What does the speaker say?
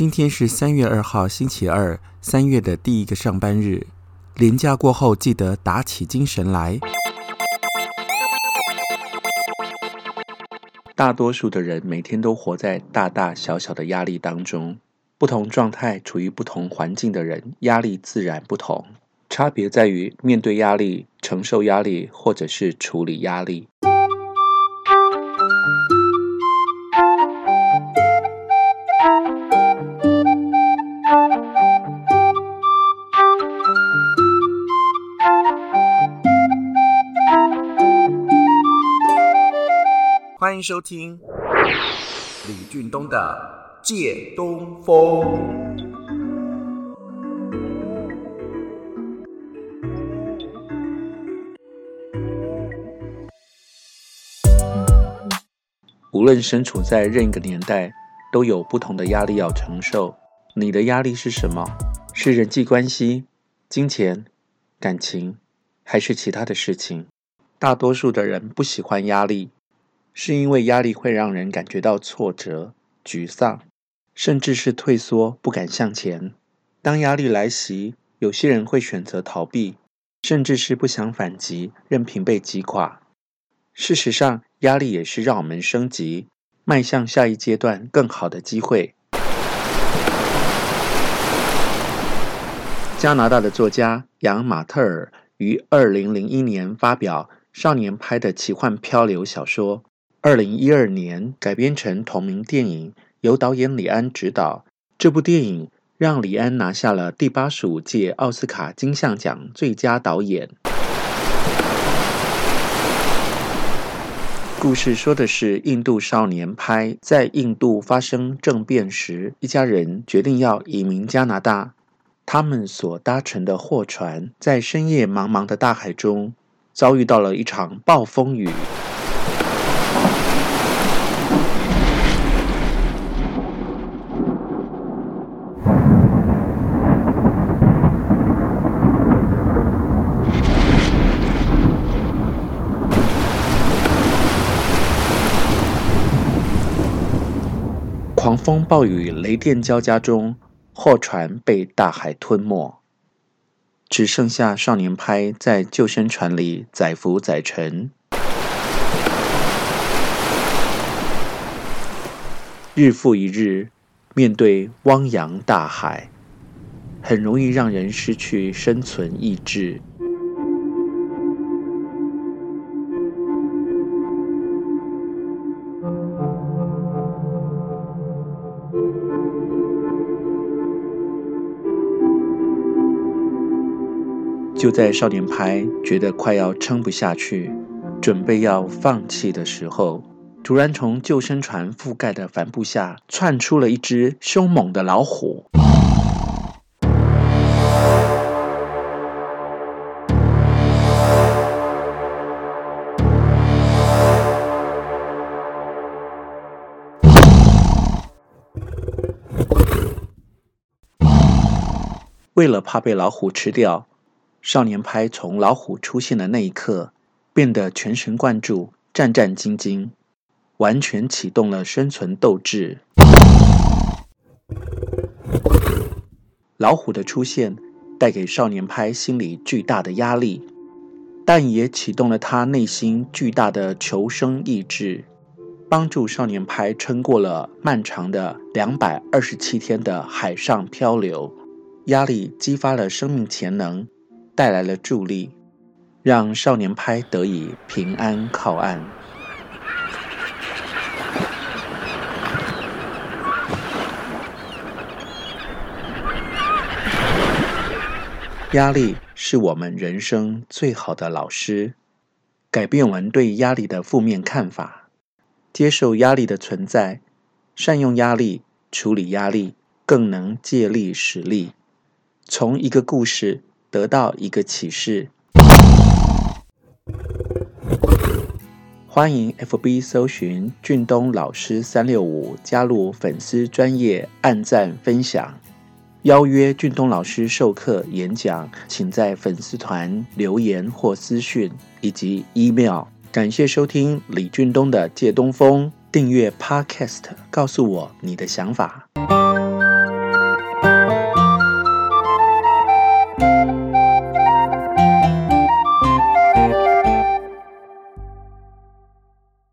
今天是三月二號，星期二，三月的第一個上班日。連假過後，記得打起精神來。大多數的人每天都活在大大小小的壓力當中，不同狀態、處於不同環境的人，壓力自然不同。差別在於面對壓力、承受壓力，或者是處理壓力。歡迎收聽李俊東的《借東風》。無論身處在任一個年代，都有不同的壓力要承受。你的壓力是什麼？是人際關係、金錢、感情，還是其他的事情？大多數的人不喜歡壓力。是因為壓力會讓人感覺到挫折、沮喪，甚至是退縮、不敢向前。當壓力來襲，有些人會選擇逃避，甚至是不想反擊，任憑被擊垮。事實上，壓力也是讓我們升級，邁向下一階段更好的機會。加拿大的作家楊馬特爾於二零零一年發表少年 Pi 的奇幻漂流小說。二零一二年改編成同名電影，由導演李安執導。這部電影讓李安拿下了第八十五屆奧斯卡金像獎最佳導演。故事說的是印度少年 Pi 在印度發生政變時，一家人決定要移民加拿大。他們所搭乘的貨船在深夜茫茫的大海中遭遇到了一場暴風雨。狂風暴雨、雷電交加中，貨船被大海吞沒，只剩下少年派在救生船裡載浮載沉。日復一日，面對汪洋大海，很容易讓人失去生存意志。就在少年派覺得快要撐不下去，準備要放棄的時候，突然從救生船覆蓋的帆布下竄出了一隻兇猛的老虎。 為了怕被老虎吃掉，少年派從老虎出現的那一刻，變得全神貫注、戰戰兢兢，完全啟動了生存鬥志。老虎的出現帶給少年派心理巨大的壓力，但也啟動了他內心巨大的求生意志，幫助少年派撐過了漫長的兩百二十七天的海上漂流。壓力激發了生命潛能。帶來了助力，讓少年派得以平安靠岸。壓力是我們人生最好的老師。改變我們對壓力的負面看法，接受壓力的存在，善用壓力，處理壓力，更能借力使力。從一個故事。得到一個啟示。歡迎 FB 搜尋俊東老師三六五，加入粉絲專頁按讚分享，邀約俊東老師授課演講，請在粉絲團留言或私訊以及 email。感謝收聽李俊東的借東風，訂閱 Podcast，告訴我你的想法。